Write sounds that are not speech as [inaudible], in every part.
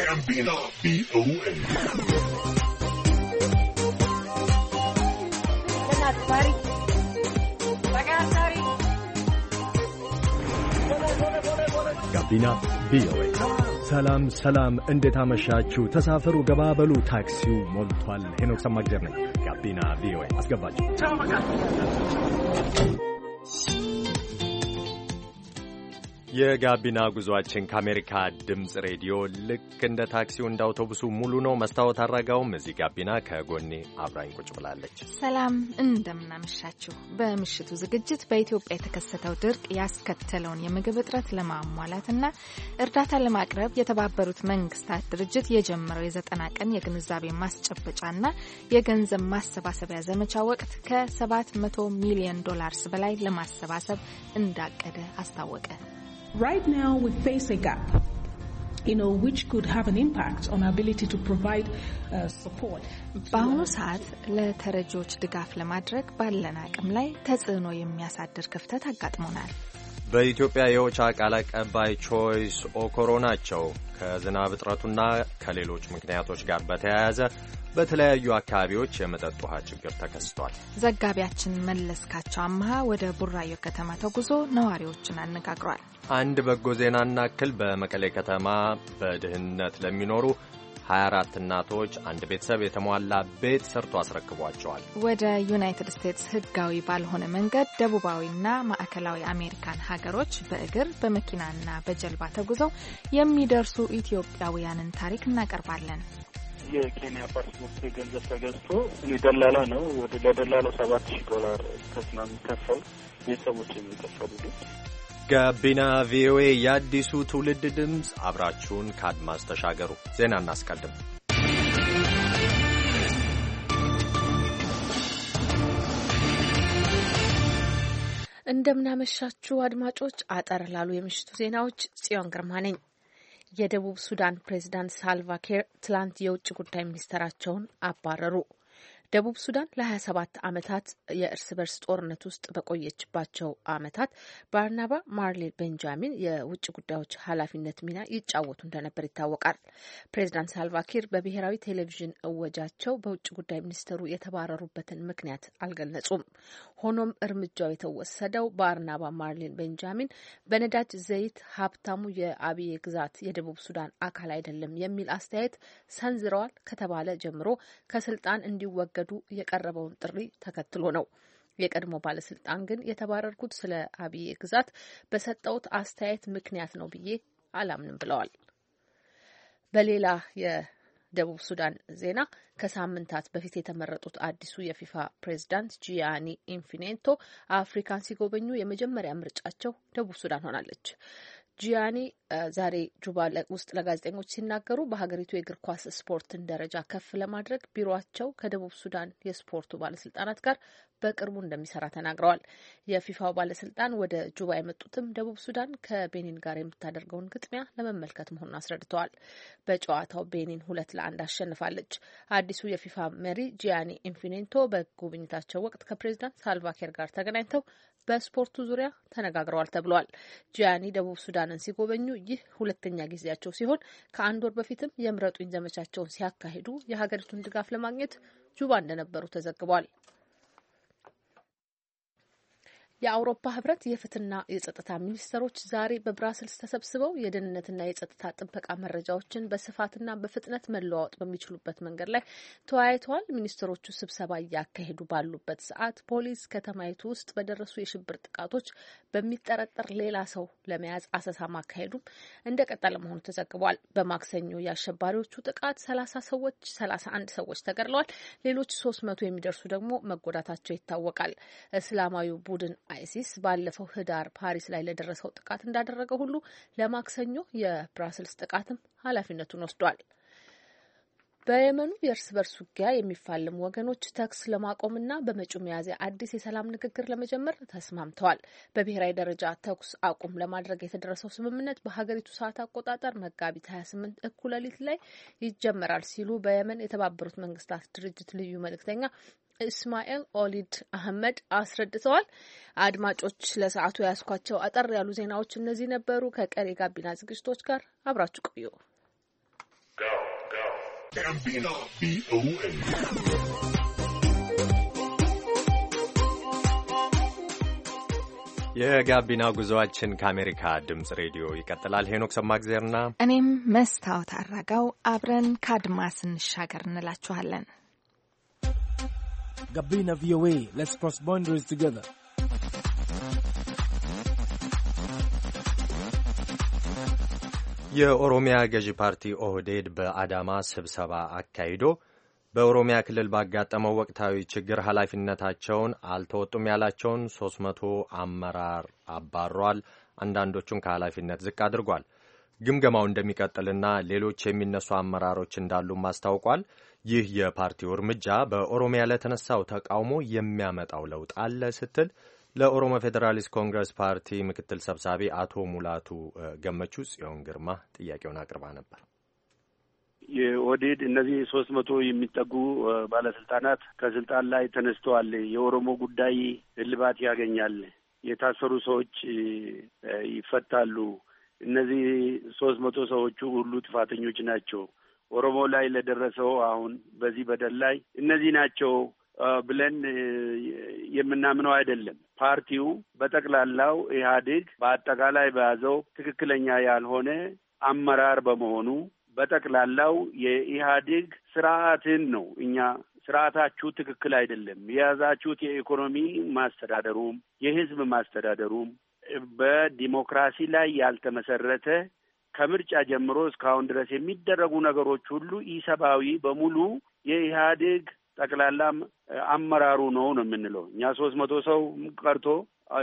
ጋቢና ቪኦኤ ጋቢና ቪኦኤ። ሰላም ሰላም፣ እንዴት አመሻችሁ? ተሳፈሩ፣ ገባበሉ፣ ታክሲው ሞልቷል። ሄኖክ ሰማግደር ነኝ። ጋቢና ቪኦኤ አስገባችሁ። የጋቢና ጉዟችን ከአሜሪካ ድምፅ ሬዲዮ ልክ እንደ ታክሲው እንደ አውቶቡሱ ሙሉ ነው። መስታወት አድራጋውም እዚህ ጋቢና ከጎኔ አብራኝ ቁጭ ብላለች። ሰላም እንደምናመሻችሁ። በምሽቱ ዝግጅት በኢትዮጵያ የተከሰተው ድርቅ ያስከተለውን የምግብ እጥረት ለማሟላትና እርዳታ ለማቅረብ የተባበሩት መንግስታት ድርጅት የጀመረው የዘጠና ቀን የግንዛቤ ማስጨበጫና የገንዘብ ማሰባሰቢያ ዘመቻ ወቅት ከ700 ሚሊዮን ዶላርስ በላይ ለማሰባሰብ እንዳቀደ አስታወቀ። Right now, we face a gap which could have an impact on our ability to provide uh, support. በአሁኑ ሰዓት ለተረጂዎች ድጋፍ ለማድረግ ባለን አቅም ላይ ተጽዕኖ የሚያሳድር ክፍተት አጋጥሞናል። በኢትዮጵያ የኦቻ ቃል አቀባይ ቾይስ ኦኮሮ ናቸው። ከዝናብ እጥረቱና ከሌሎች ምክንያቶች ጋር በተያያዘ በተለያዩ አካባቢዎች የመጠጥ ውሃ ችግር ተከስቷል። ዘጋቢያችን መለስካቸው አመሃ ወደ ቡራዮ ከተማ ተጉዞ ነዋሪዎችን አነጋግሯል። አንድ በጎ ዜና እናክል። በመቀሌ ከተማ በድህነት ለሚኖሩ 24 እናቶች አንድ ቤተሰብ የተሟላ ቤት ሰርቶ አስረክቧቸዋል። ወደ ዩናይትድ ስቴትስ ህጋዊ ባልሆነ መንገድ ደቡባዊና ማዕከላዊ አሜሪካን ሀገሮች በእግር በመኪናና በጀልባ ተጉዘው የሚደርሱ ኢትዮጵያውያንን ታሪክ እናቀርባለን። የኬንያ ፓስፖርት የገንዘብ ተገዝቶ ደላላ ነው። ወደ ለደላላው ሰባት ሺህ ዶላር ከስና የሚከፈል ቤተሰቦች የሚከፈሉ ጋቢና ቪኦኤ የአዲሱ ትውልድ ድምፅ፣ አብራችሁን ከአድማስ ተሻገሩ። ዜና እናስቀድም። እንደምናመሻችሁ አድማጮች፣ አጠር ላሉ የምሽቱ ዜናዎች ጽዮን ግርማ ነኝ። የደቡብ ሱዳን ፕሬዚዳንት ሳልቫኪር ትላንት የውጭ ጉዳይ ሚኒስተራቸውን አባረሩ። ደቡብ ሱዳን ለ27 ዓመታት የእርስ በርስ ጦርነት ውስጥ በቆየችባቸው ዓመታት ባርናባ ማርሌ ቤንጃሚን የውጭ ጉዳዮች ኃላፊነት ሚና ይጫወቱ እንደነበር ይታወቃል። ፕሬዚዳንት ሳልቫኪር በብሔራዊ ቴሌቪዥን እወጃቸው በውጭ ጉዳይ ሚኒስትሩ የተባረሩበትን ምክንያት አልገለጹም። ሆኖም እርምጃው የተወሰደው በአርናባ ማርሊን ቤንጃሚን በነዳጅ ዘይት ሀብታሙ የአብዬ ግዛት የደቡብ ሱዳን አካል አይደለም የሚል አስተያየት ሰንዝረዋል ከተባለ ጀምሮ ከስልጣን እንዲወገዱ የቀረበውን ጥሪ ተከትሎ ነው። የቀድሞ ባለስልጣን ግን የተባረርኩት ስለ አብዬ ግዛት በሰጠውት አስተያየት ምክንያት ነው ብዬ አላምንም ብለዋል። በሌላ ደቡብ ሱዳን ዜና ከሳምንታት በፊት የተመረጡት አዲሱ የፊፋ ፕሬዝዳንት ጂያኒ ኢንፊኔንቶ አፍሪካን ሲጎበኙ የመጀመሪያ ምርጫቸው ደቡብ ሱዳን ሆናለች። ጂያኒ ዛሬ ጁባ ውስጥ ለጋዜጠኞች ሲናገሩ በሀገሪቱ የእግር ኳስ ስፖርትን ደረጃ ከፍ ለማድረግ ቢሮቸው ከደቡብ ሱዳን የስፖርቱ ባለስልጣናት ጋር በቅርቡ እንደሚሰራ ተናግረዋል። የፊፋው ባለስልጣን ወደ ጁባ የመጡትም ደቡብ ሱዳን ከቤኒን ጋር የምታደርገውን ግጥሚያ ለመመልከት መሆኑን አስረድተዋል። በጨዋታው ቤኒን ሁለት ለአንድ አሸንፋለች። አዲሱ የፊፋ መሪ ጂያኒ ኢንፊኔንቶ በጉብኝታቸው ወቅት ከፕሬዚዳንት ሳልቫኪር ጋር ተገናኝተው በስፖርቱ ዙሪያ ተነጋግረዋል ተብሏል። ጂያኒ ደቡብ ሱዳንን ሲጎበኙ ይህ ሁለተኛ ጊዜያቸው ሲሆን ከአንድ ወር በፊትም የምረጡኝ ዘመቻቸውን ሲያካሂዱ የሀገሪቱን ድጋፍ ለማግኘት ጁባ እንደነበሩ ተዘግቧል። የአውሮፓ ህብረት የፍትህና የጸጥታ ሚኒስተሮች ዛሬ በብራስልስ ተሰብስበው የደህንነትና የጸጥታ ጥበቃ መረጃዎችን በስፋትና በፍጥነት መለዋወጥ በሚችሉበት መንገድ ላይ ተወያይተዋል። ሚኒስትሮቹ ስብሰባ እያካሄዱ ባሉበት ሰዓት ፖሊስ ከተማይቱ ውስጥ በደረሱ የሽብር ጥቃቶች በሚጠረጠር ሌላ ሰው ለመያዝ አሰሳ ማካሄዱም እንደ ቀጠለ መሆኑ ተዘግቧል። በማክሰኞ የአሸባሪዎቹ ጥቃት ሰላሳ ሰዎች ሰላሳ አንድ ሰዎች ተገድለዋል። ሌሎች ሶስት መቶ የሚደርሱ ደግሞ መጎዳታቸው ይታወቃል። እስላማዊ ቡድን አይሲስ ባለፈው ህዳር ፓሪስ ላይ ለደረሰው ጥቃት እንዳደረገ ሁሉ ለማክሰኞ የብራስልስ ጥቃትም ኃላፊነቱን ወስዷል። በየመኑ የእርስ በርስ ውጊያ የሚፋለሙ ወገኖች ተኩስ ለማቆምና በመጪው ሚያዝያ አዲስ የሰላም ንግግር ለመጀመር ተስማምተዋል። በብሔራዊ ደረጃ ተኩስ አቁም ለማድረግ የተደረሰው ስምምነት በሀገሪቱ ሰዓት አቆጣጠር መጋቢት 28 እኩለ ሌሊት ላይ ይጀመራል ሲሉ በየመን የተባበሩት መንግስታት ድርጅት ልዩ መልእክተኛ እስማኤል ኦሊድ አህመድ አስረድተዋል። አድማጮች ለሰዓቱ ያስኳቸው አጠር ያሉ ዜናዎች እነዚህ ነበሩ። ከቀሪ ጋቢና ዝግጅቶች ጋር አብራችሁ ቆዩ። የጋቢና ጉዞአችን ከአሜሪካ ድምፅ ሬዲዮ ይቀጥላል። ሄኖክ ሰማግዜርና እኔም መስታወት አረጋው አብረን ከአድማስ እንሻገር እንላችኋለን። Gabina VOA. Let's cross boundaries together. የኦሮሚያ ገዢ ፓርቲ ኦህዴድ በአዳማ ስብሰባ አካሂዶ በኦሮሚያ ክልል ባጋጠመው ወቅታዊ ችግር ኃላፊነታቸውን አልተወጡም ያላቸውን 300 አመራር አባሯል። አንዳንዶቹን ከኃላፊነት ዝቅ አድርጓል። ግምገማው እንደሚቀጥልና ሌሎች የሚነሱ አመራሮች እንዳሉም አስታውቋል። ይህ የፓርቲው እርምጃ በኦሮሚያ ለተነሳው ተቃውሞ የሚያመጣው ለውጥ አለ ስትል ለኦሮሞ ፌዴራሊስት ኮንግረስ ፓርቲ ምክትል ሰብሳቢ አቶ ሙላቱ ገመቹ ጽዮን ግርማ ጥያቄውን አቅርባ ነበር። የኦህዴድ እነዚህ ሶስት መቶ የሚጠጉ ባለስልጣናት ከስልጣን ላይ ተነስተዋል። የኦሮሞ ጉዳይ እልባት ያገኛል፣ የታሰሩ ሰዎች ይፈታሉ፣ እነዚህ ሶስት መቶ ሰዎቹ ሁሉ ጥፋተኞች ናቸው ኦሮሞ ላይ ለደረሰው አሁን በዚህ በደል ላይ እነዚህ ናቸው ብለን የምናምነው አይደለም። ፓርቲው በጠቅላላው ኢህአዴግ በአጠቃላይ በያዘው ትክክለኛ ያልሆነ አመራር በመሆኑ በጠቅላላው የኢህአዴግ ስርዓትን ነው እኛ ስርዓታችሁ ትክክል አይደለም የያዛችሁት የኢኮኖሚ ማስተዳደሩም የህዝብ ማስተዳደሩም በዲሞክራሲ ላይ ያልተመሰረተ ከምርጫ ጀምሮ እስካሁን ድረስ የሚደረጉ ነገሮች ሁሉ ኢሰብአዊ በሙሉ የኢህአዴግ ጠቅላላ አመራሩ ነው ነው የምንለው እኛ ሶስት መቶ ሰው ቀርቶ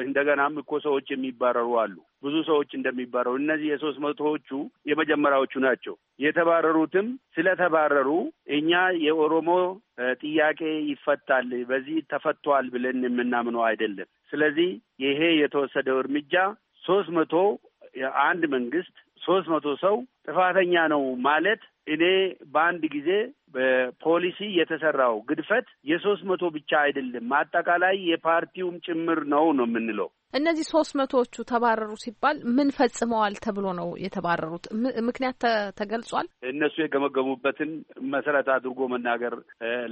እንደገናም እኮ ሰዎች የሚባረሩ አሉ። ብዙ ሰዎች እንደሚባረሩ እነዚህ የሶስት መቶዎቹ የመጀመሪያዎቹ ናቸው። የተባረሩትም ስለተባረሩ እኛ የኦሮሞ ጥያቄ ይፈታል፣ በዚህ ተፈቷል ብለን የምናምነው አይደለም። ስለዚህ ይሄ የተወሰደው እርምጃ ሶስት መቶ አንድ መንግስት ሶስት መቶ ሰው ጥፋተኛ ነው ማለት እኔ በአንድ ጊዜ በፖሊሲ የተሰራው ግድፈት የሶስት መቶ ብቻ አይደለም፣ አጠቃላይ የፓርቲውም ጭምር ነው ነው የምንለው። እነዚህ ሶስት መቶዎቹ ተባረሩ ሲባል ምን ፈጽመዋል ተብሎ ነው የተባረሩት? ምክንያት ተገልጿል? እነሱ የገመገሙበትን መሰረት አድርጎ መናገር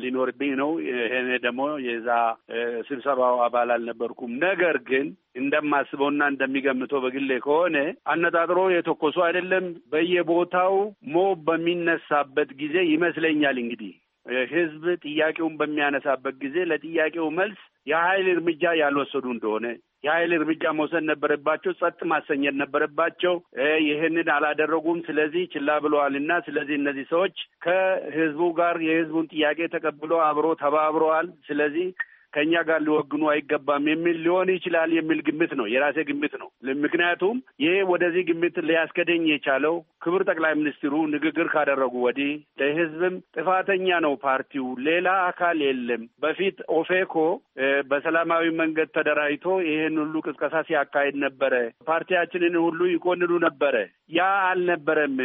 ሊኖርብኝ ነው። ይሄኔ ደግሞ የዛ ስብሰባው አባል አልነበርኩም። ነገር ግን እንደማስበውና እንደሚገምተው በግሌ ከሆነ አነጣጥሮ የተኮሱ አይደለም። በየቦታው ሞብ በሚነሳበት ጊዜ ይመስለኛል እንግዲህ ህዝብ ጥያቄውን በሚያነሳበት ጊዜ ለጥያቄው መልስ የኃይል እርምጃ ያልወሰዱ እንደሆነ የኃይል እርምጃ መውሰድ ነበረባቸው፣ ጸጥ ማሰኘት ነበረባቸው። ይህንን አላደረጉም። ስለዚህ ችላ እና ስለዚህ እነዚህ ሰዎች ከህዝቡ ጋር የህዝቡን ጥያቄ ተቀብሎ አብሮ ተባብረዋል። ስለዚህ ከእኛ ጋር ሊወግኑ አይገባም የሚል ሊሆን ይችላል የሚል ግምት ነው፣ የራሴ ግምት ነው። ምክንያቱም ይሄ ወደዚህ ግምት ሊያስገደኝ የቻለው ክቡር ጠቅላይ ሚኒስትሩ ንግግር ካደረጉ ወዲህ ለህዝብም ጥፋተኛ ነው ፓርቲው፣ ሌላ አካል የለም። በፊት ኦፌኮ በሰላማዊ መንገድ ተደራጅቶ ይህን ሁሉ ቅስቀሳ ሲያካሄድ ነበረ። ፓርቲያችንን ሁሉ ይቆንሉ ነበረ። ያ አልነበረም።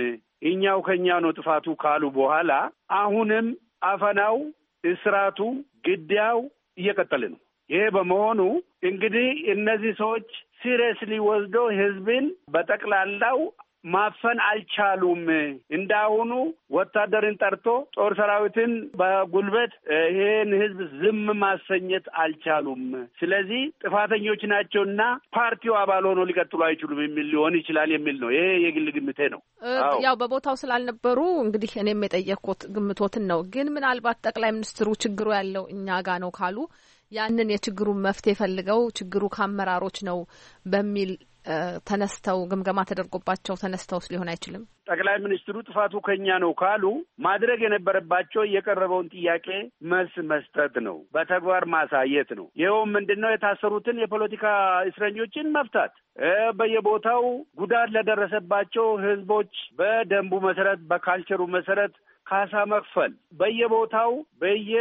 እኛው ከኛ ነው ጥፋቱ ካሉ በኋላ አሁንም አፈናው፣ እስራቱ፣ ግድያው እየቀጠለ ነው። ይሄ በመሆኑ እንግዲህ እነዚህ ሰዎች ሲሪየስሊ ወስዶ ህዝብን በጠቅላላው ማፈን አልቻሉም። እንዳሁኑ ወታደርን ጠርቶ ጦር ሰራዊትን በጉልበት ይሄን ህዝብ ዝም ማሰኘት አልቻሉም። ስለዚህ ጥፋተኞች ናቸው እና ፓርቲው አባል ሆኖ ሊቀጥሉ አይችሉም የሚል ሊሆን ይችላል የሚል ነው። ይሄ የግል ግምቴ ነው። ያው በቦታው ስላልነበሩ እንግዲህ እኔም የጠየቅኩት ግምቶትን ነው። ግን ምናልባት ጠቅላይ ሚኒስትሩ ችግሩ ያለው እኛ ጋ ነው ካሉ ያንን የችግሩን መፍትሄ ፈልገው ችግሩ ከአመራሮች ነው በሚል ተነስተው ግምገማ ተደርጎባቸው ተነስተውስ ሊሆን አይችልም። ጠቅላይ ሚኒስትሩ ጥፋቱ ከኛ ነው ካሉ ማድረግ የነበረባቸው የቀረበውን ጥያቄ መልስ መስጠት ነው፣ በተግባር ማሳየት ነው። ይኸውም ምንድን ነው የታሰሩትን የፖለቲካ እስረኞችን መፍታት፣ በየቦታው ጉዳት ለደረሰባቸው ህዝቦች በደንቡ መሰረት በካልቸሩ መሰረት ካሳ መክፈል በየቦታው በየ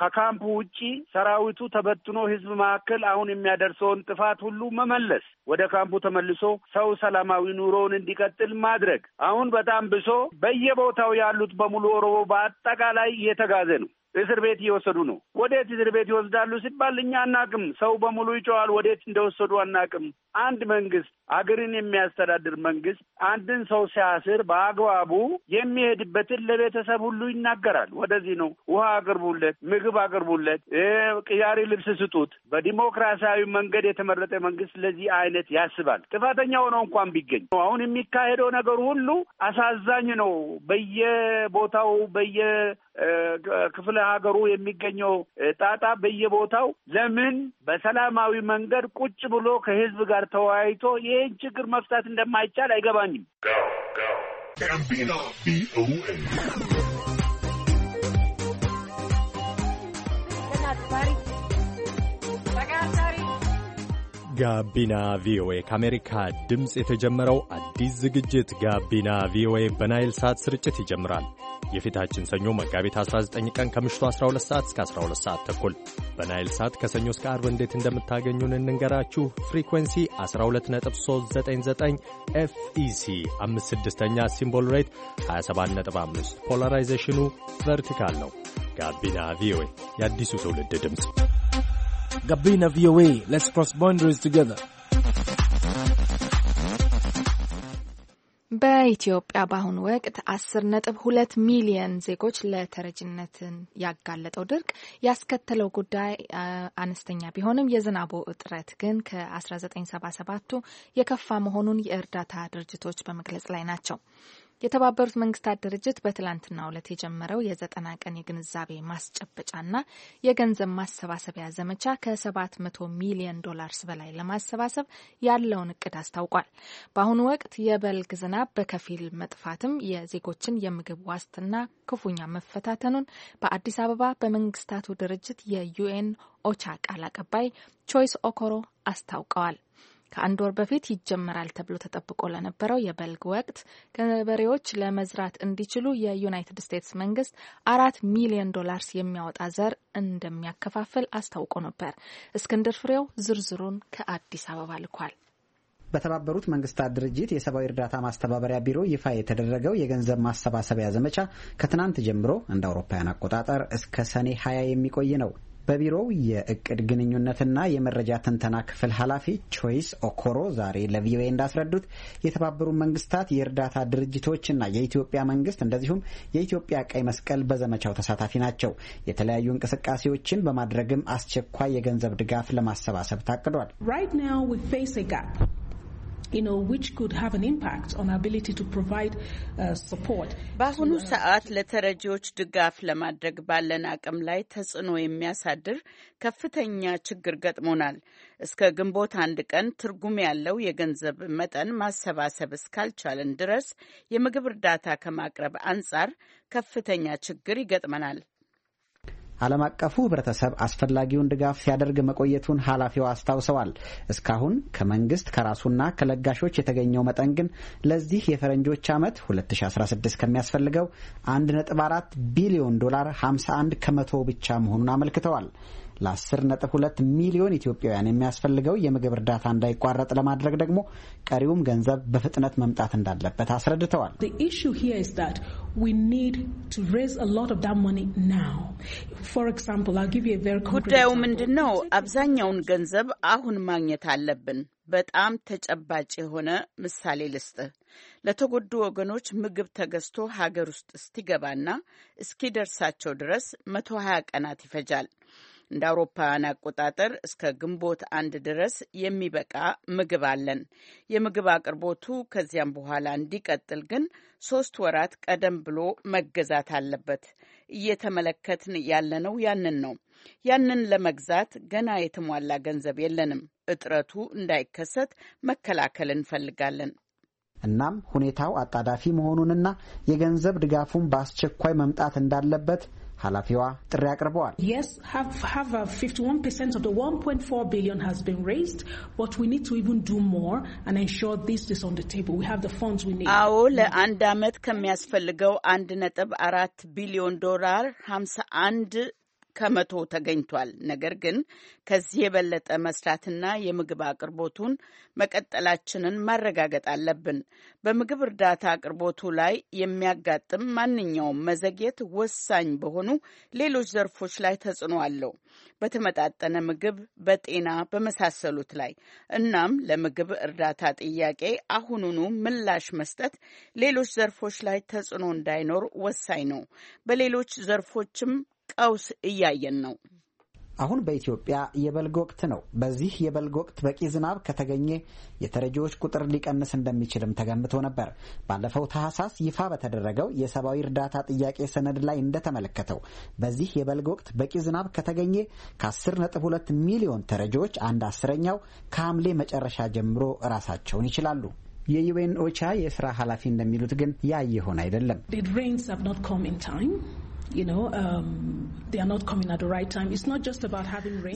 ከካምፕ ውጪ ሰራዊቱ ተበትኖ ህዝብ መካከል አሁን የሚያደርሰውን ጥፋት ሁሉ መመለስ፣ ወደ ካምፑ ተመልሶ ሰው ሰላማዊ ኑሮውን እንዲቀጥል ማድረግ። አሁን በጣም ብሶ በየቦታው ያሉት በሙሉ ኦሮሞ በአጠቃላይ እየተጋዘ ነው። እስር ቤት እየወሰዱ ነው። ወዴት እስር ቤት ይወስዳሉ ሲባል እኛ አናቅም። ሰው በሙሉ ይጮዋል። ወዴት እንደወሰዱ አናቅም። አንድ መንግስት፣ አገርን የሚያስተዳድር መንግስት አንድን ሰው ሲያስር በአግባቡ የሚሄድበትን ለቤተሰብ ሁሉ ይናገራል። ወደዚህ ነው ውሃ አቅርቡለት፣ ምግብ አቅርቡለት፣ ቅያሪ ልብስ ስጡት። በዲሞክራሲያዊ መንገድ የተመረጠ መንግስት ለዚህ አይነት ያስባል። ጥፋተኛ ሆነው እንኳን ቢገኝ አሁን የሚካሄደው ነገር ሁሉ አሳዛኝ ነው። በየቦታው በየ ክፍለ ሀገሩ የሚገኘው ጣጣ በየቦታው ለምን በሰላማዊ መንገድ ቁጭ ብሎ ከህዝብ ጋር ተወያይቶ ይህን ችግር መፍታት እንደማይቻል አይገባኝም። ጋቢና ቪኦኤ ከአሜሪካ ድምፅ የተጀመረው አዲስ ዝግጅት ጋቢና ቪኦኤ በናይል ሳት ስርጭት ይጀምራል። የፊታችን ሰኞ መጋቢት 19 ቀን ከምሽቱ 12 ሰዓት እስከ 12 ሰዓት ተኩል በናይል ሳት ከሰኞ እስከ አርብ እንዴት እንደምታገኙን እንንገራችሁ። ፍሪኩንሲ 12399 ኤፍኢሲ 56ኛ ሲምቦል ሬት 275 ፖላራይዜሽኑ ቨርቲካል ነው። ጋቢና ቪኦኤ የአዲሱ ትውልድ ድምፅ። ጋቢና ቪኦኤ ሌትስ ክሮስ ቦንደሪስ ቱጌዘር በኢትዮጵያ በአሁኑ ወቅት አስር ነጥብ ሁለት ሚሊየን ዜጎች ለተረጅነትን ያጋለጠው ድርቅ ያስከተለው ጉዳይ አነስተኛ ቢሆንም የዝናቡ እጥረት ግን ከ1977ቱ የከፋ መሆኑን የእርዳታ ድርጅቶች በመግለጽ ላይ ናቸው። የተባበሩት መንግስታት ድርጅት በትላንትና ዕለት የጀመረው የዘጠና ቀን የግንዛቤ ማስጨበጫና የገንዘብ ማሰባሰቢያ ዘመቻ ከ መቶ ሚሊዮን ዶላርስ በላይ ለማሰባሰብ ያለውን እቅድ አስታውቋል። በአሁኑ ወቅት የበልግ ዝናብ በከፊል መጥፋትም የዜጎችን የምግብ ዋስትና ክፉኛ መፈታተኑን በአዲስ አበባ በመንግስታቱ ድርጅት የዩኤን ኦቻ ቃል አቀባይ ቾይስ ኦኮሮ አስታውቀዋል። ከአንድ ወር በፊት ይጀመራል ተብሎ ተጠብቆ ለነበረው የበልግ ወቅት ገበሬዎች ለመዝራት እንዲችሉ የዩናይትድ ስቴትስ መንግስት አራት ሚሊዮን ዶላርስ የሚያወጣ ዘር እንደሚያከፋፍል አስታውቆ ነበር። እስክንድር ፍሬው ዝርዝሩን ከአዲስ አበባ ልኳል። በተባበሩት መንግስታት ድርጅት የሰብአዊ እርዳታ ማስተባበሪያ ቢሮ ይፋ የተደረገው የገንዘብ ማሰባሰቢያ ዘመቻ ከትናንት ጀምሮ እንደ አውሮፓውያን አቆጣጠር እስከ ሰኔ 20 የሚቆይ ነው። በቢሮው የእቅድ ግንኙነትና የመረጃ ትንተና ክፍል ኃላፊ ቾይስ ኦኮሮ ዛሬ ለቪኦኤ እንዳስረዱት የተባበሩት መንግስታት የእርዳታ ድርጅቶችና የኢትዮጵያ መንግስት እንደዚሁም የኢትዮጵያ ቀይ መስቀል በዘመቻው ተሳታፊ ናቸው። የተለያዩ እንቅስቃሴዎችን በማድረግም አስቸኳይ የገንዘብ ድጋፍ ለማሰባሰብ ታቅዷል። በአሁኑ uh, ሰዓት ለተረጂዎች ድጋፍ ለማድረግ ባለን አቅም ላይ ተጽዕኖ የሚያሳድር ከፍተኛ ችግር ገጥሞናል። እስከ ግንቦት አንድ ቀን ትርጉም ያለው የገንዘብ መጠን ማሰባሰብ እስካልቻለን ድረስ የምግብ እርዳታ ከማቅረብ አንጻር ከፍተኛ ችግር ይገጥመናል። ዓለም አቀፉ ህብረተሰብ አስፈላጊውን ድጋፍ ሲያደርግ መቆየቱን ኃላፊው አስታውሰዋል። እስካሁን ከመንግስት ከራሱና ከለጋሾች የተገኘው መጠን ግን ለዚህ የፈረንጆች ዓመት 2016 ከሚያስፈልገው 1.4 ቢሊዮን ዶላር 51 ከመቶ ብቻ መሆኑን አመልክተዋል። ለ10.2 ሚሊዮን ኢትዮጵያውያን የሚያስፈልገው የምግብ እርዳታ እንዳይቋረጥ ለማድረግ ደግሞ ቀሪውም ገንዘብ በፍጥነት መምጣት እንዳለበት አስረድተዋል። ጉዳዩ ምንድን ነው? አብዛኛውን ገንዘብ አሁን ማግኘት አለብን። በጣም ተጨባጭ የሆነ ምሳሌ ልስጥህ። ለተጎዱ ወገኖች ምግብ ተገዝቶ ሀገር ውስጥ እስኪገባና እስኪደርሳቸው ድረስ መቶ ሀያ ቀናት ይፈጃል። እንደ አውሮፓውያን አቆጣጠር እስከ ግንቦት አንድ ድረስ የሚበቃ ምግብ አለን። የምግብ አቅርቦቱ ከዚያም በኋላ እንዲቀጥል ግን ሶስት ወራት ቀደም ብሎ መገዛት አለበት። እየተመለከትን ያለነው ያንን ነው። ያንን ለመግዛት ገና የተሟላ ገንዘብ የለንም። እጥረቱ እንዳይከሰት መከላከል እንፈልጋለን። እናም ሁኔታው አጣዳፊ መሆኑንና የገንዘብ ድጋፉን በአስቸኳይ መምጣት እንዳለበት ኃላፊዋ ጥሪ አቅርበዋል። አዎ ለአንድ ዓመት ከሚያስፈልገው አንድ ነጥብ አራት ቢሊዮን ዶላር ሀምሳ አንድ ከመቶ ተገኝቷል። ነገር ግን ከዚህ የበለጠ መስራትና የምግብ አቅርቦቱን መቀጠላችንን ማረጋገጥ አለብን። በምግብ እርዳታ አቅርቦቱ ላይ የሚያጋጥም ማንኛውም መዘግየት ወሳኝ በሆኑ ሌሎች ዘርፎች ላይ ተጽዕኖ አለው፣ በተመጣጠነ ምግብ፣ በጤና በመሳሰሉት ላይ። እናም ለምግብ እርዳታ ጥያቄ አሁኑኑ ምላሽ መስጠት ሌሎች ዘርፎች ላይ ተጽዕኖ እንዳይኖር ወሳኝ ነው። በሌሎች ዘርፎችም ቀውስ እያየን ነው። አሁን በኢትዮጵያ የበልግ ወቅት ነው። በዚህ የበልግ ወቅት በቂ ዝናብ ከተገኘ የተረጂዎች ቁጥር ሊቀንስ እንደሚችልም ተገምቶ ነበር። ባለፈው ታህሳስ ይፋ በተደረገው የሰብአዊ እርዳታ ጥያቄ ሰነድ ላይ እንደተመለከተው በዚህ የበልግ ወቅት በቂ ዝናብ ከተገኘ ከ10.2 ሚሊዮን ተረጂዎች አንድ አስረኛው ከሐምሌ መጨረሻ ጀምሮ ራሳቸውን ይችላሉ። የዩኤን ኦቻ የስራ ኃላፊ እንደሚሉት ግን ያ የሆነ አይደለም። Um,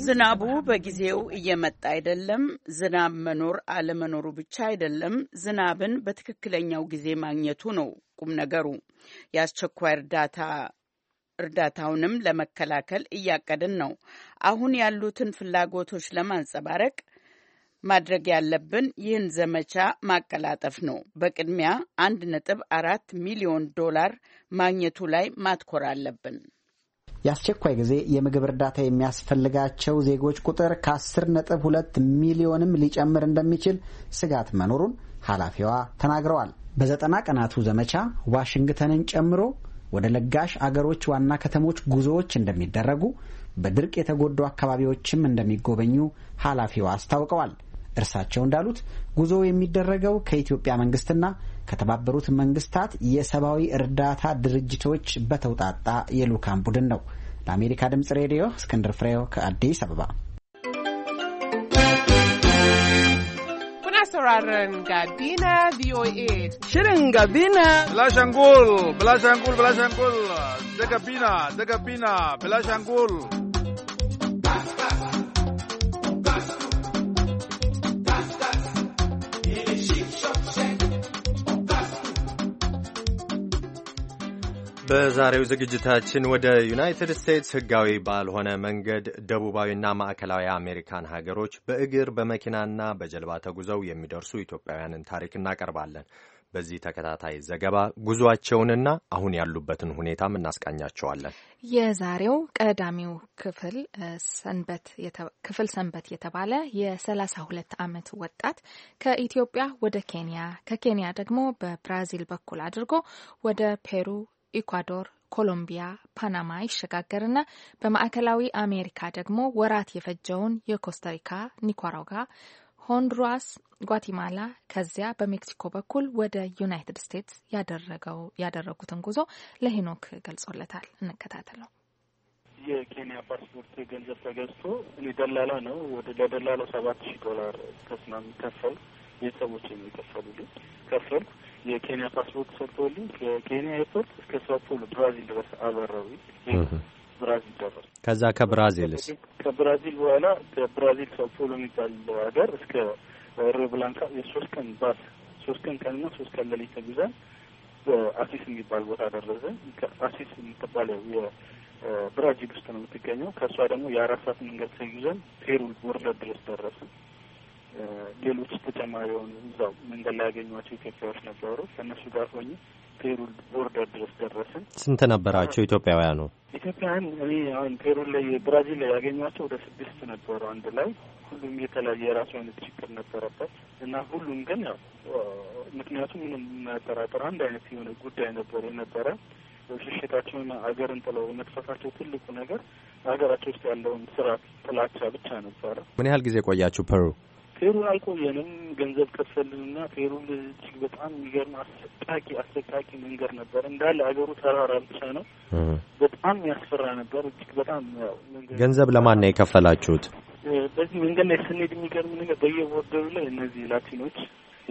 ዝናቡ በጊዜው እየመጣ አይደለም። ዝናብ መኖር አለመኖሩ ብቻ አይደለም፣ ዝናብን በትክክለኛው ጊዜ ማግኘቱ ነው ቁም ነገሩ። የአስቸኳይ እርዳታ እርዳታውንም ለመከላከል እያቀድን ነው። አሁን ያሉትን ፍላጎቶች ለማንጸባረቅ ማድረግ ያለብን ይህን ዘመቻ ማቀላጠፍ ነው። በቅድሚያ አንድ ነጥብ አራት ሚሊዮን ዶላር ማግኘቱ ላይ ማትኮር አለብን። የአስቸኳይ ጊዜ የምግብ እርዳታ የሚያስፈልጋቸው ዜጎች ቁጥር ከ10 ነጥብ 2 ሚሊዮንም ሊጨምር እንደሚችል ስጋት መኖሩን ኃላፊዋ ተናግረዋል። በዘጠና ቀናቱ ዘመቻ ዋሽንግተንን ጨምሮ ወደ ለጋሽ አገሮች ዋና ከተሞች ጉዞዎች እንደሚደረጉ፣ በድርቅ የተጎዱ አካባቢዎችም እንደሚጎበኙ ኃላፊዋ አስታውቀዋል። እርሳቸው እንዳሉት ጉዞ የሚደረገው ከኢትዮጵያ መንግስትና ከተባበሩት መንግስታት የሰብአዊ እርዳታ ድርጅቶች በተውጣጣ የልኡካን ቡድን ነው። ለአሜሪካ ድምጽ ሬዲዮ እስክንድር ፍሬው ከአዲስ አበባ። sauraron Gabina VOA. Shirin Gabina. Gabina, Gabina, በዛሬው ዝግጅታችን ወደ ዩናይትድ ስቴትስ ሕጋዊ ባልሆነ መንገድ ደቡባዊና ማዕከላዊ አሜሪካን ሀገሮች በእግር በመኪናና በጀልባ ተጉዘው የሚደርሱ ኢትዮጵያውያንን ታሪክ እናቀርባለን። በዚህ ተከታታይ ዘገባ ጉዟቸውንና አሁን ያሉበትን ሁኔታም እናስቃኛቸዋለን። የዛሬው ቀዳሚው ክፍል ሰንበት ክፍል ሰንበት የተባለ የሰላሳ ሁለት ዓመት ወጣት ከኢትዮጵያ ወደ ኬንያ ከኬንያ ደግሞ በብራዚል በኩል አድርጎ ወደ ፔሩ ኢኳዶር፣ ኮሎምቢያ፣ ፓናማ ይሸጋገርና በማዕከላዊ አሜሪካ ደግሞ ወራት የፈጀውን የኮስታሪካ፣ ኒካራጓ፣ ሆንዱራስ፣ ጓቲማላ ከዚያ በሜክሲኮ በኩል ወደ ዩናይትድ ስቴትስ ያደረገው ያደረጉትን ጉዞ ለሄኖክ ገልጾለታል። እንከታተለው። የኬንያ ፓስፖርት ገንዘብ ተገዝቶ እኔ ደላላ ነው ወደ ለደላላው ሰባት ሺህ ዶላር ከስማም ከፈል ቤተሰቦች የሚከፈሉልኝ ከፈልኩ የኬንያ ፓስፖርት ሰጥቶልኝ ከኬንያ ኤርፖርት እስከ ሳፖሎ ብራዚል ድረስ አበረሩ። ብራዚል ደረስ። ከዛ ከብራዚልስ ከብራዚል በኋላ ከብራዚል ሳፖሎ የሚባል ሀገር እስከ ሪዮ ብላንካ የሶስት ቀን ባስ ሶስት ቀን ቀንና ሶስት ቀን ሌሊት ተጉዘን በአሲስ የሚባል ቦታ ደረሰ። አሲስ የምትባለው የብራዚል ውስጥ ነው የምትገኘው። ከእሷ ደግሞ የአራት ሰዓት መንገድ ተጉዘን ፔሩ ቦርደር ድረስ ደረስን። ሌሎች ተጨማሪ የሆኑ እዛው መንገድ ላይ ያገኟቸው ኢትዮጵያዎች ነበሩ። ከእነሱ ጋር ሆኜ ፔሩል ቦርደር ድረስ ደረስን። ስንት ነበራቸው ኢትዮጵያውያኑ? ኢትዮጵያውያን እኔ አሁን ፔሩል ላይ ብራዚል ላይ ያገኟቸው ወደ ስድስት ነበሩ አንድ ላይ። ሁሉም የተለያየ የራሱ አይነት ችግር ነበረበት እና ሁሉም ግን ያው ምክንያቱም ምንም መጠራጠር አንድ አይነት የሆነ ጉዳይ ነበሩ የነበረ ሽሽታቸውን አገርን ጥለው መጥፋታቸው ትልቁ ነገር ሀገራቸው ውስጥ ያለውን ስርዓት ጥላቻ ብቻ ነበረ። ምን ያህል ጊዜ ቆያችሁ ፐሩ? ፌሩ አልቆየንም። ገንዘብ ከፈልንና ፌሩን እጅግ በጣም የሚገርም አሰቃቂ አሰቃቂ መንገድ ነበር። እንዳለ አገሩ ተራራ ብቻ ነው። በጣም ያስፈራ ነበር። እጅግ በጣም ገንዘብ ለማን ነው የከፈላችሁት? በዚህ መንገድ ላይ ስንሄድ የሚገርም ነገር በየቦርደሩ ላይ እነዚህ ላቲኖች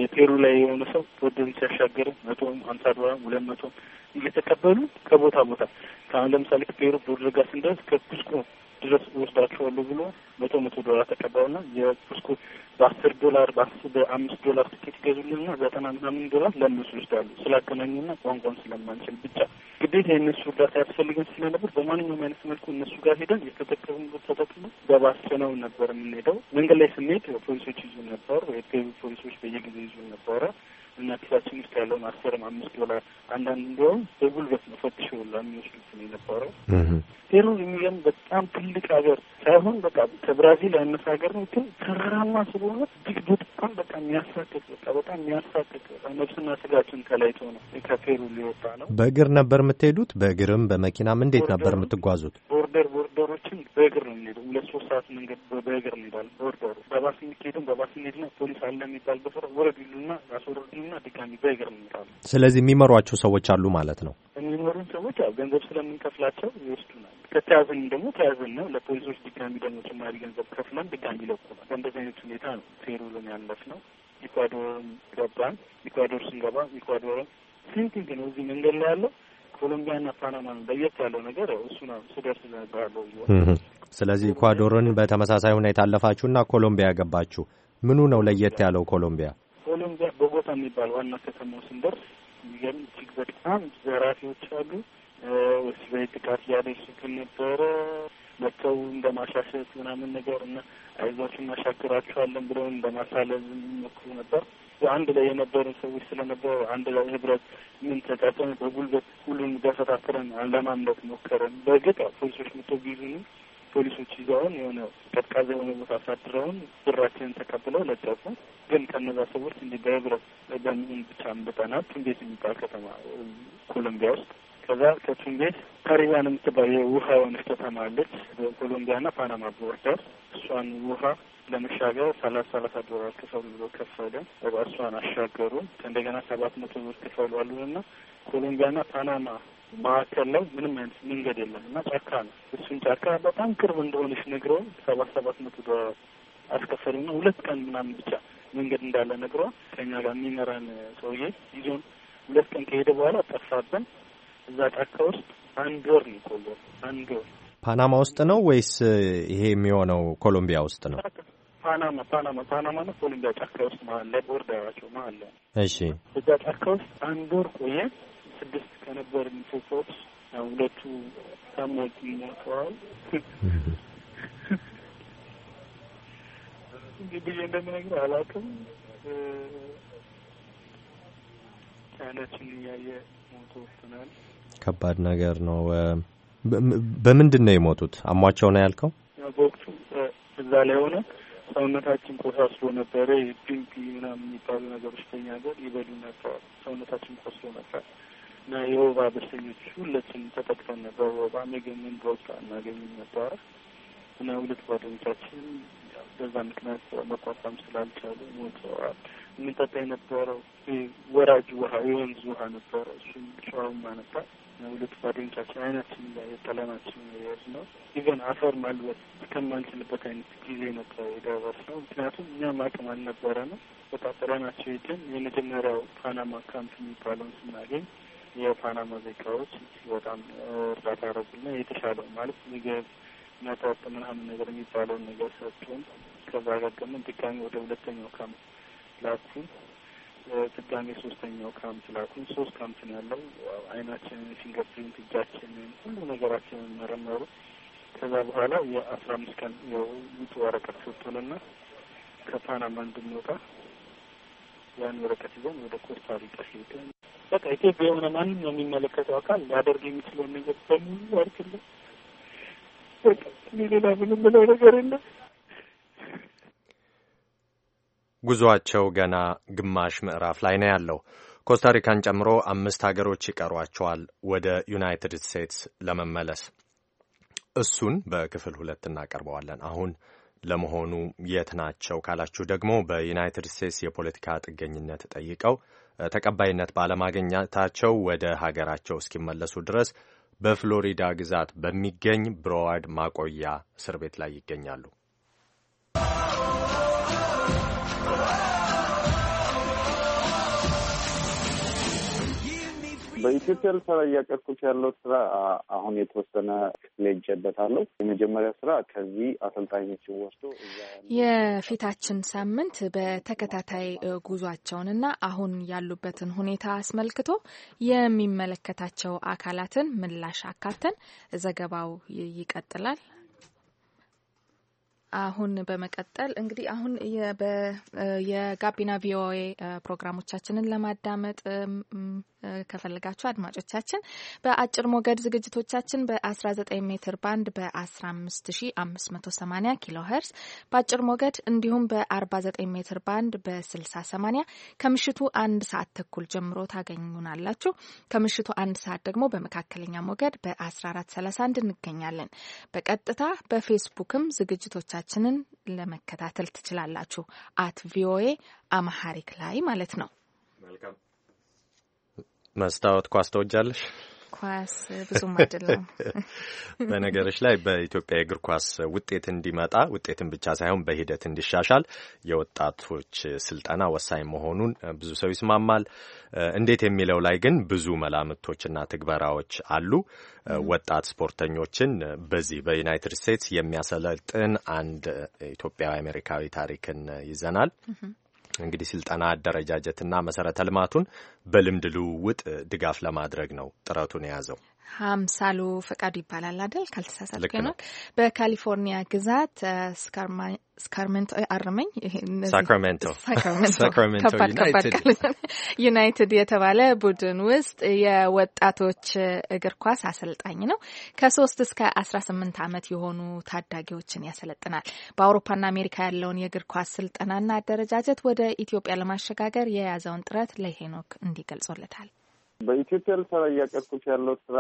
የፔሩ ላይ የሆነ ሰው ቦርደሩ ሲያሻገር መቶም አምሳ ዶላር ሁለት መቶም እየተቀበሉ ከቦታ ቦታ ከአሁን ለምሳሌ ከፔሩ ቦርደር ጋር ስንደርስ ከኩስኮ ድረስ ወስዳቸዋለሁ ብሎ መቶ መቶ ዶላር ተቀባው ና የኩስኩ በአስር ዶላር በአስ በአምስት ዶላር ትኬት ይገዙልን ና ዘጠና ምናምን ዶላር ለእነሱ ይወስዳሉ። ና ቋንቋን ስለማንችል ብቻ ግዴታ የእነሱ እርዳታ ያስፈልገን ስለነበር በማንኛውም አይነት መልኩ እነሱ ጋር ሄደን የተጠቀሙበት ተጠቅሞ ነው ነበር የምንሄደው። መንገድ ላይ ስንሄድ ፖሊሶች ይዙ ነበር፣ የገቢ ፖሊሶች በየጊዜ ይዙ ነበረ እና ኪሳችን ውስጥ ያለውን አስርም አምስት ዶላር አንዳንድ እንዲያውም በጉልበት ነው ፈትሸው ሁላ ነው የነበረው። ፔሩ የሚገርም በጣም ትልቅ ሀገር ሳይሆን በቃ ከብራዚል ያነሰ ሀገር ነው፣ ግን ተራራማ ስለሆነ እጅግ በጣም በቃ የሚያሳቅቅ በቃ በጣም የሚያሳቅቅ ነፍስና ስጋችን ተለያይቶ ነው ከፔሩ ሊወጣ ነው። በእግር ነበር የምትሄዱት? በእግርም በመኪናም እንዴት ነበር የምትጓዙት? ቦርደር ቦርደሮችን በእግር ነው የሚሄደው። ሁለት ሶስት ሰዓት መንገድ በእግር ነው እንሄዳለን። ቦርደሩ በባስ የሚካሄድም በባስ ሄድ ነው። ፖሊስ አለ የሚባል በስራ ወረዱሉና አስወረዱና ድጋሚ በእግር ነው እንሄዳለን። ስለዚህ የሚመሯቸው ሰዎች አሉ ማለት ነው። የሚመሩን ሰዎች ያው ገንዘብ ስለምንከፍላቸው ከተያዝን ደግሞ ተያዝን ነው። ለፖሊሶች ድጋሚ ደግሞ ጭማሪ ገንዘብ ከፍለን ድጋሚ ለቁ። በእንደዚህ አይነት ሁኔታ ነው ፔሩልን ያለፍ ነው። ኢኳዶርም ገባን። ኢኳዶር ስንገባ ኢኳዶርም ሲንቲንግ ነው እዚህ መንገድ ላይ ያለው ኮሎምቢያና ፓናማ ለየት ያለው ነገር እሱ ነው። ስደርስ ነግሬሃለሁ። ስለዚህ ኢኳዶርን በተመሳሳይ ሁኔታ አለፋችሁና ኮሎምቢያ ገባችሁ። ምኑ ነው ለየት ያለው? ኮሎምቢያ ኮሎምቢያ ቦጎታ የሚባል ዋና ከተማው ስንደርስ የሚገርም እጅግ በጣም ዘራፊዎች አሉ። ውስጥ ላይ ጥቃት እያደረሱብን ነበረ። መጥተው እንደ ማሻሸት ምናምን ነገር እና አይዟችሁ እናሻግራችኋለን ብለው እንደ ማሳለዝ ሞክሩ ነበር። አንድ ላይ የነበሩ ሰዎች ስለነበረ አንድ ላይ ህብረት ምን ተጠቀሙ፣ በጉልበት ሁሉን ገፈታትረን ለማምለት ሞከረን። በእርግጥ ፖሊሶች መጥተው ቢይዙንም ፖሊሶች ይዘውን የሆነ ቀዝቃዛ የሆነ ቦታ አሳድረውን ብራችንን ተቀብለው ለጠፉ። ግን ከነዛ ሰዎች እንዲህ በህብረት በሚሆን ብቻ ምልጠናት እንዴት የሚባል ከተማ ኮሎምቢያ ውስጥ ከዛ ከቱንቤስ ካሪባን የምትባል የውሃ የሆነች ከተማ አለች በኮሎምቢያና ፓናማ ቦርደር። እሷን ውሃ ለመሻገር ሰላሳ ሰላሳ ዶላር ክፈሉ ብሎ ከፈለ። እሷን አሻገሩ። እንደገና ሰባት መቶ ብር ክፈሉ አሉና ኮሎምቢያና ፓናማ መካከል ላይ ምንም አይነት መንገድ የለም እና ጫካ ነው። እሱን ጫካ በጣም ቅርብ እንደሆነች ነግረው ሰባት ሰባት መቶ ዶላር አስከፈሉና ሁለት ቀን ምናምን ብቻ መንገድ እንዳለ ነግሯ ከኛ ጋር የሚመራን ሰውዬ ይዞን ሁለት ቀን ከሄደ በኋላ ጠፋብን። እዛ ጫካ ውስጥ አንድ ወር ነው ቆየ። አንድ ወር ፓናማ ውስጥ ነው ወይስ ይሄ የሚሆነው ኮሎምቢያ ውስጥ ነው? ፓናማ ፓናማ ፓናማ ነው ኮሎምቢያ ጫካ ውስጥ መሀል ላይ ያቸው መሀል ላይ። እሺ እዛ ጫካ ውስጥ አንድ ወር ቆየ። ስድስት ከነበር ሰዎች ሁለቱ ሳሞች ሞተዋል። እንዲህ ብዬ እንደምነግር አላውቅም። አይናችን እያየ ሞቶ ወጥተናል። ከባድ ነገር ነው። በምንድን ነው የሞቱት? አሟቸው ነው ያልከው? በወቅቱ እዛ ላይ ሆነ ሰውነታችን ቆሳስሎ ነበረ። ድንግ ምናምን የሚባሉ ነገሮች በኛ ሀገር ይበሉ ነበር። ሰውነታችን ቆስሎ ነበር እና የወባ በሽተኞች ሁለችን ተጠቅተን ነበር። ወባ መገምን ቦታ እናገኝም ነበር እና ሁለት ጓደኞቻችን በዛ ምክንያት መቋቋም ስላልቻሉ ሞተዋል። የምንጠጣ የነበረው ወራጅ ውሃ የወንዝ ውሃ ነበረ። እሱም ጨዋማ ነበር። ሁለት ጓደኞቻችን አይናችን ላይ የጠለናችን ያዝ ነው። ኢቨን አፈር ማልበት እስከማንችልበት አይነት ጊዜ ነበር ነው። ምክንያቱም እኛም አቅም አልነበረ ነው። ጥረናቸው ሄደን የመጀመሪያው ፓናማ ካምፕ የሚባለውን ስናገኝ የፓናማ ዜጋዎች በጣም እርዳታ ያደረጉና የተሻለው ማለት ምግብ፣ መጠጥ ምናምን ነገር የሚባለውን ነገር ሰጡን። ከዛ ጋር ደግሞ ድጋሚ ወደ ሁለተኛው ካምፕ ላኩን። ድጋሜ ሶስተኛው ክረምት ላኩኝ። ሶስት ክረምት ነው ያለው። አይናችንን፣ ፊንገር ፕሪንት፣ እጃችንን፣ ሁሉ ነገራችንን መረመሩ። ከዛ በኋላ የአስራ አምስት ቀን የውጡ ወረቀት ሰጥቶንና ከፓናማ እንድንወጣ ያን ወረቀት ይዘን ወደ ኮስታሪቃ ሄደን በቃ ኢትዮጵያ የሆነ ማንም ነው የሚመለከተው አካል ሊያደርግ የሚችለውን ነገር በሙሉ አርክለ። በቃ ሌላ ምንም ብለው ነገር የለም። ጉዞአቸው ገና ግማሽ ምዕራፍ ላይ ነው ያለው። ኮስታሪካን ጨምሮ አምስት ሀገሮች ይቀሯቸዋል ወደ ዩናይትድ ስቴትስ ለመመለስ። እሱን በክፍል ሁለት እናቀርበዋለን። አሁን ለመሆኑ የት ናቸው ካላችሁ ደግሞ በዩናይትድ ስቴትስ የፖለቲካ ጥገኝነት ጠይቀው ተቀባይነት ባለማግኘታቸው ወደ ሀገራቸው እስኪመለሱ ድረስ በፍሎሪዳ ግዛት በሚገኝ ብሮዋርድ ማቆያ እስር ቤት ላይ ይገኛሉ። በኢትዮጵያ ስራ እያቀድኩት ያለው ስራ አሁን የተወሰነ ክፍል ይጀበታለሁ። የመጀመሪያ ስራ ከዚህ አሰልጣኞች ወስዶ የፊታችን ሳምንት በተከታታይ ጉዟቸውንና አሁን ያሉበትን ሁኔታ አስመልክቶ የሚመለከታቸው አካላትን ምላሽ አካተን ዘገባው ይቀጥላል። አሁን በመቀጠል እንግዲህ አሁን የጋቢና ቪኦኤ ፕሮግራሞቻችንን ለማዳመጥ ከፈለጋችሁ አድማጮቻችን በአጭር ሞገድ ዝግጅቶቻችን በ19 ሜትር ባንድ በ15580 ኪሎ ሄርስ በአጭር ሞገድ እንዲሁም በ49 ሜትር ባንድ በ6080 ከምሽቱ አንድ ሰዓት ተኩል ጀምሮ ታገኙናላችሁ። ከምሽቱ አንድ ሰዓት ደግሞ በመካከለኛ ሞገድ በ1431 እንገኛለን። በቀጥታ በፌስቡክም ዝግጅቶቻችንን ለመከታተል ትችላላችሁ። አት ቪኦኤ አማሐሪክ ላይ ማለት ነው። መስታወት ኳስ ተወጃለሽ? ኳስ ብዙም አይደለም። [laughs] በነገሮች ላይ በኢትዮጵያ የእግር ኳስ ውጤት እንዲመጣ ውጤትን ብቻ ሳይሆን በሂደት እንዲሻሻል የወጣቶች ስልጠና ወሳኝ መሆኑን ብዙ ሰው ይስማማል። እንዴት የሚለው ላይ ግን ብዙ መላምቶችና ትግበራዎች አሉ። ወጣት ስፖርተኞችን በዚህ በዩናይትድ ስቴትስ የሚያሰለጥን አንድ ኢትዮጵያዊ አሜሪካዊ ታሪክን ይዘናል። እንግዲህ ስልጠና አደረጃጀትና መሰረተ ልማቱን በልምድ ልውውጥ ድጋፍ ለማድረግ ነው ጥረቱን የያዘው። ሀምሳሉ ፈቃዱ ይባላል አይደል? ካልተሳሳትኩ ነው። በካሊፎርኒያ ግዛት ስካርመንቶ አርመኝ፣ ሳክራሜንቶ ከባድ ከባድ ዩናይትድ የተባለ ቡድን ውስጥ የወጣቶች እግር ኳስ አሰልጣኝ ነው። ከሶስት እስከ አስራ ስምንት ዓመት የሆኑ ታዳጊዎችን ያሰለጥናል። በአውሮፓና አሜሪካ ያለውን የእግር ኳስ ስልጠናና አደረጃጀት ወደ ኢትዮጵያ ለማሸጋገር የያዘውን ጥረት ለሄኖክ እንዲገልጾለታል። በኢትዮጵያ ልሰራ እያቀድኩት ያለው ስራ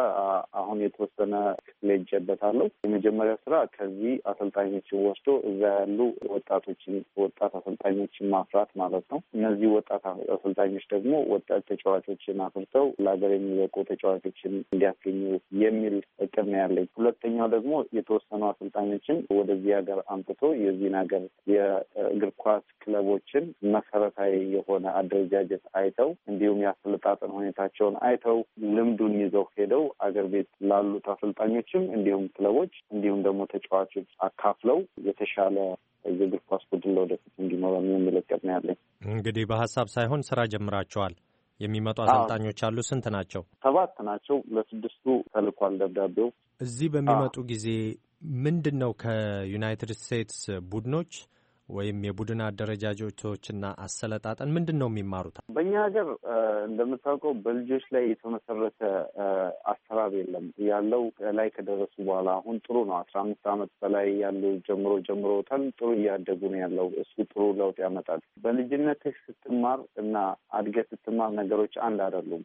አሁን የተወሰነ ክፍል ይጨበታለሁ። የመጀመሪያ ስራ ከዚህ አሰልጣኞችን ወስዶ እዛ ያሉ ወጣቶችን ወጣት አሰልጣኞችን ማፍራት ማለት ነው። እነዚህ ወጣት አሰልጣኞች ደግሞ ወጣት ተጫዋቾችን አፍርተው ለሀገር የሚበቁ ተጫዋቾችን እንዲያስገኙ የሚል እቅድ ነው ያለኝ። ሁለተኛው ደግሞ የተወሰኑ አሰልጣኞችን ወደዚህ ሀገር አምጥቶ የዚህን ሀገር የእግር ኳስ ክለቦችን መሰረታዊ የሆነ አደረጃጀት አይተው እንዲሁም የአሰለጣጠን ሁኔታቸውን ሁኔታውን አይተው ልምዱን ይዘው ሄደው አገር ቤት ላሉት አሰልጣኞችም እንዲሁም ክለቦች እንዲሁም ደግሞ ተጫዋቾች አካፍለው የተሻለ የእግር ኳስ ቡድን ለወደፊት እንዲኖረን የሚል ነው ያለኝ። እንግዲህ በሀሳብ ሳይሆን ስራ ጀምራቸዋል። የሚመጡ አሰልጣኞች አሉ። ስንት ናቸው? ሰባት ናቸው። ለስድስቱ ተልኳል ደብዳቤው። እዚህ በሚመጡ ጊዜ ምንድን ነው ከዩናይትድ ስቴትስ ቡድኖች ወይም የቡድን አደረጃጀቶችና አሰለጣጠን ምንድን ነው የሚማሩት? በእኛ ሀገር እንደምታውቀው በልጆች ላይ የተመሰረተ አሰራር የለም ያለው ላይ ከደረሱ በኋላ አሁን ጥሩ ነው። አስራ አምስት ዓመት በላይ ያሉ ጀምሮ ጀምሮታል ጥሩ እያደጉ ነው ያለው። እሱ ጥሩ ለውጥ ያመጣል። በልጅነትህ ስትማር እና አድገህ ስትማር ነገሮች አንድ አይደሉም።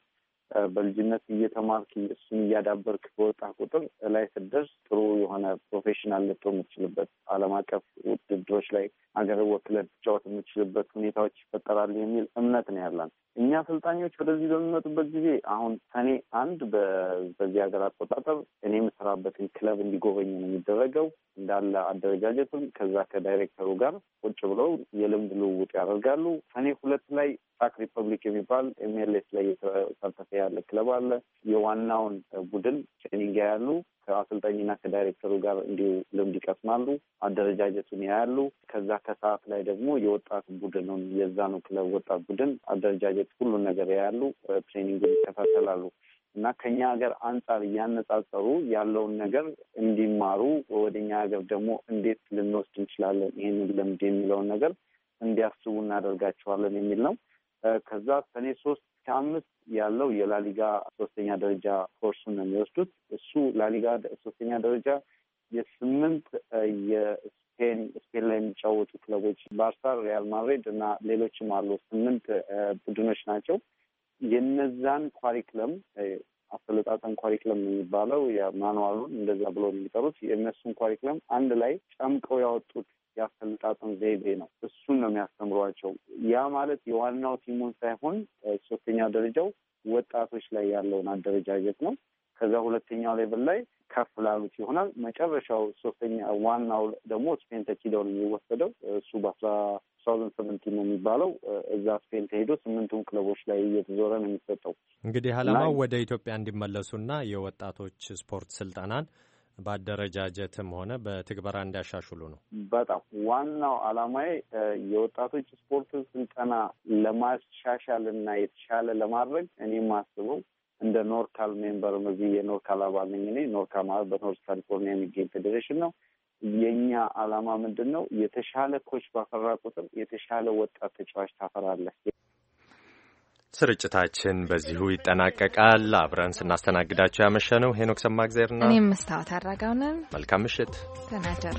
በልጅነት እየተማርክ እሱን እያዳበርክ በወጣ ቁጥር ላይ ስደርስ ጥሩ የሆነ ፕሮፌሽናል ልትሆን የምችልበት ዓለም አቀፍ ውድድሮች ላይ አገር ወክለህ ልትጫወት የምችልበት ሁኔታዎች ይፈጠራሉ የሚል እምነት ነው ያለን። እኛ አሰልጣኞች ወደዚህ በሚመጡበት ጊዜ አሁን ሰኔ አንድ በዚህ ሀገር አቆጣጠር እኔ የምሰራበትን ክለብ እንዲጎበኝ ነው የሚደረገው። እንዳለ አደረጃጀትም ከዛ ከዳይሬክተሩ ጋር ቁጭ ብለው የልምድ ልውውጥ ያደርጋሉ። ሰኔ ሁለት ላይ ፓክ ሪፐብሊክ የሚባል ኤምኤልኤስ ላይ የተሳተፈ ያለ ክለብ አለ። የዋናውን ቡድን ትሬኒንግ ያያሉ። ከአሰልጣኝና ከዳይሬክተሩ ጋር እንዲሁ ልምድ ይቀስማሉ። አደረጃጀቱን ያያሉ። ከዛ ከሰዓት ላይ ደግሞ የወጣት ቡድኑን የዛኑ ክለብ ወጣት ቡድን አደረጃጀት፣ ሁሉን ነገር ያያሉ። ትሬኒንግን ይከታተላሉ እና ከኛ ሀገር አንጻር እያነጻጸሩ ያለውን ነገር እንዲማሩ ወደኛ ሀገር ደግሞ እንዴት ልንወስድ እንችላለን ይህንን ልምድ የሚለውን ነገር እንዲያስቡ እናደርጋቸዋለን የሚል ነው። ከዛ ሰኔ ሶስት አምስት ያለው የላሊጋ ሶስተኛ ደረጃ ኮርሱን ነው የሚወስዱት። እሱ ላሊጋ ሶስተኛ ደረጃ የስምንት የስፔን ስፔን ላይ የሚጫወቱ ክለቦች ባርሳ፣ ሪያል ማድሪድ እና ሌሎችም አሉ። ስምንት ቡድኖች ናቸው። የነዛን ኳሪክለም አሰለጣጠን ኳሪክለም የሚባለው የማኑዋሉን እንደዛ ብሎ የሚጠሩት የእነሱን ኳሪክለም አንድ ላይ ጨምቀው ያወጡት የአፈመጣጠን ዘይቤ ነው። እሱን ነው የሚያስተምሯቸው። ያ ማለት የዋናው ቲሙን ሳይሆን ሶስተኛ ደረጃው ወጣቶች ላይ ያለውን አደረጃጀት ነው። ከዛ ሁለተኛው ሌቭል ላይ ከፍ ላሉት ይሆናል። መጨረሻው ሶስተኛ ዋናው ደግሞ ስፔን ተኪደው ነው የሚወሰደው። እሱ በአስራ ሳውዘንድ ሰቨንቲን ነው የሚባለው። እዛ ስፔን ተሄዶ ስምንቱም ክለቦች ላይ እየተዞረ ነው የሚሰጠው። እንግዲህ አላማው ወደ ኢትዮጵያ እንዲመለሱና የወጣቶች ስፖርት ስልጠናን በአደረጃጀትም ሆነ በትግበራ እንዲያሻሽሉ ነው። በጣም ዋናው አላማዬ የወጣቶች ስፖርትን ስልጠና ለማሻሻል እና የተሻለ ለማድረግ እኔ ማስበው እንደ ኖርካል ሜምበር እዚህ የኖርካል አባል ነኝ እኔ። ኖርካል ማለት በኖርት ካሊፎርኒያ የሚገኝ ፌዴሬሽን ነው። የእኛ አላማ ምንድን ነው? የተሻለ ኮች ባፈራ ቁጥር የተሻለ ወጣት ተጫዋች ታፈራለህ። ስርጭታችን በዚሁ ይጠናቀቃል። አብረን ስናስተናግዳቸው ያመሸ ነው ሄኖክ ሰማእግዜርና እኔም መስታወት አድራጋውንን መልካም ምሽት ተናደሩ።